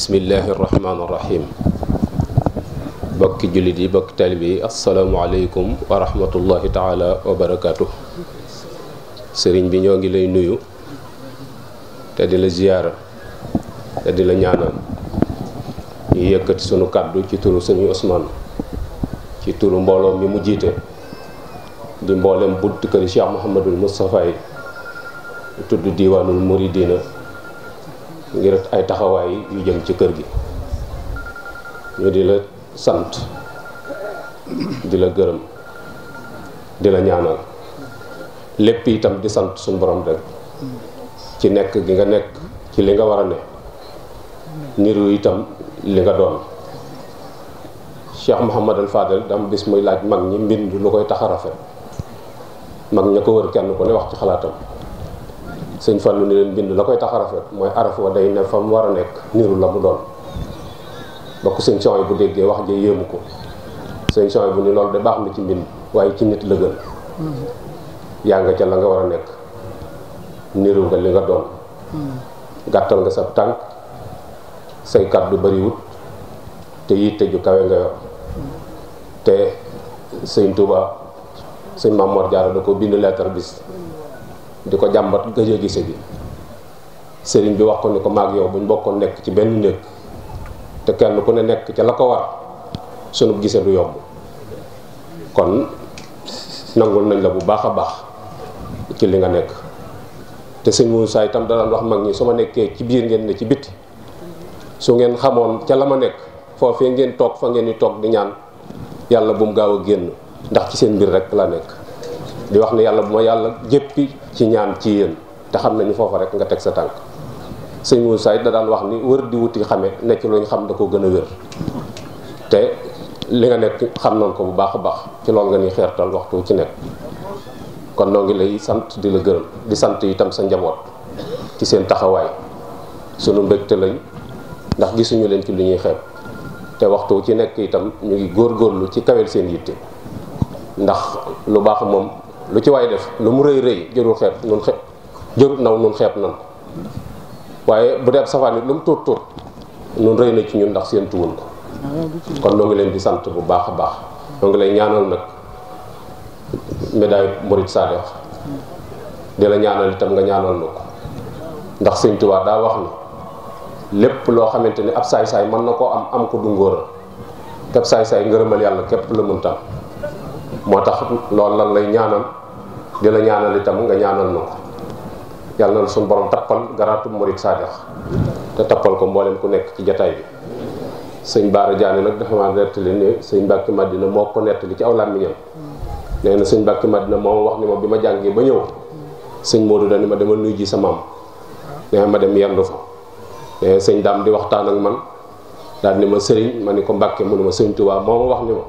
bismillahi rahmaani rahim bokki jullit yi bokki taalibe yi asalaamualeykum wa rahmatullahi taala wa sëriñ bi ñoo ngi lay nuyu te di la ziyaara te di la ñaanal ñu yëkkati sunu kàddu ci turu sëriñ Ousmane ci turu mbooloo mi mu jiite di mboolem bunt këri Cheikh Mouhamadul Moustapha yi tudd diiwaanul Muridina ngir ay taxawaay yu jëm ci kër gi ñu di la sant di la gërëm di la ñaanal lépp itam di sant suñu borom rek ci nekk gi nga nekk ci li nga war a ne niru itam li nga doon Cheikh Mouhamadul Fadel dama bis muy laaj mag ñi mbind lu koy taxa rafet mag ña ko wër kenn ko ne wax ci xalaatam sëñ Fallou ni leen bind la koy tax a rafet mooy araf wa day ne fa mu war a nekk niru la mu doon ba ko sëñ Soy bu déggee wax ja yéemu ko sëñ Soy bu nu lool de baax na ci mbind waaye ci nit la gën yaa nga ca la nga war a nekk niru nga li nga doon gàttal nga sa tànk say kàddu bariwut te yitte ju kawe nga yor te sëñ Touba sëñ Maam Mor Jaara da ko bind leetar bis di ko jàmbat gëj gise bi sëriñ bi wax ko ni ko maag bu ñu bokkoon nekk ci benn néeg te kenn ku ne nekk ca la ko war sunu gise du yomb kon nangul nañ la bu baax a baax ci li nga nekk te sëñ Moussa itam da daan wax mag su ma nekkee ci biir ngeen ci biti su ngeen xamoon ca la ma nekk foofee ngeen toog fa ngeen di toog di ñaan yàlla bu mu gaaw a génn ndax ci seen mbir rek la nekk di wax ne yàlla bu ma yàlla jéppi ci ñaan ci yéen te xam nañu foofa rek nga teg sa tànk sëñ Moussa it da daan wax ni wër di wuti xame nekk lu ñu xam da ko gën a wér te li nga xam nañ ko bu baax a baax ci loolu nga ñuy xeertal waxtu ci nekk kon noo ngi lay sant di la gërëm di sant itam sa njaboot ci seen taxawaay sunu mbégte lañ ndax gisuñu leen ci lu ñuy xeeb te waxtu ci nekk itam ñu ngi góorgóorlu ci kawel seen yitte ndax lu baax moom lu ci waay def lu mu rëy rëy jërul xeeb nun xeeb jërul naw nun xeeb nan waaye bu dee ab safaan it lu mu tuut tuut nun rëy na ci ñun ndax seen tuwul ko kon noo ngi leen di sant bu baax a baax noo ngi lay ñaanal nag médaille Murid Saadix di la ñaanal itam nga ñaanal na ko ndax sëñ Tuubaa daa wax na lépp loo xamante ni ab saay-saay mën na koo am am ko du ngóora te ab saay-saay ngërëmal yàlla képp la mun tam moo tax lool lan lay ñaanal di la ñaanal itam nga ñaanal na ko yàlla na suñu borom tappal garaatu murit saadix te tappal ko mboolem ku nekk ci jataay bi sëñ Baara Jaane nag dafa maa nettali ne sëñ Mbàkke Madina moo ko nettali ci aw làmmiñam nee na sëñ Mbàkke moo ma wax ni ma bi ma jàngee ba ñëw sëñ Modou dani ma dama nuyu ji sa maam nee ma dem yendu fa nee sëñ daam di waxtaan ak man daal ni ma sëriñ ma ni ko Mbàkke mu ma sëñ Tuubaa moo ma wax ni ma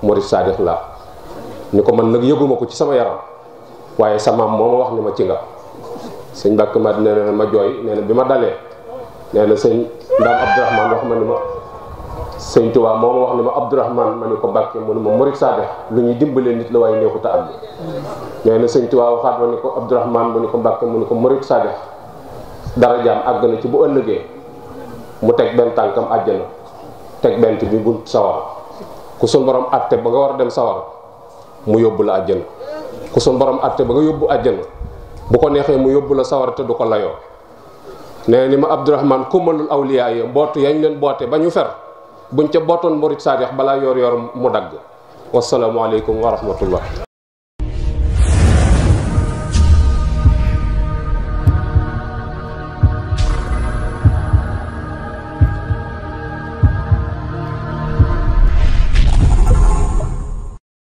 murit saadix laa ni ko man nag yëguma ko ci sama yaram waaye sa maam moo ma wax ni ma ci nga sëñ Mbàkke ma nee na ma jooy nee na bi ma dalee nee na sëñ ndaam Abdourahman wax ma ni ma sëñ Tuubaa moo ma wax ni ma Abdourahman ma ni ko Mbàkke mu ma murit saa def lu ñuy dimbalee nit la waaye neexut a am na sëñ Tuubaa waxaat ma ni ko Abdourahman mu ni ko Mbàkke mu ni ko murit saa def dara jaam àgg na ci bu ëllëgee mu teg benn tànkam àjjana teg bent bi bunt sawar ku suñ borom àtte ba nga war a dem sawar mu yóbbu la àjjana ku suñ borom àtte ba nga yóbbu àjjana bu ko neexee mu yóbbu la sawarate du ko layoo nee li ma abdourahman kummalul awliyaa yi mbootu yañ leen bootee ba ñu fer buñ ca bootoon murit saadix balaa yor yor mu dagg wasalaamualeykum wa rahmatullah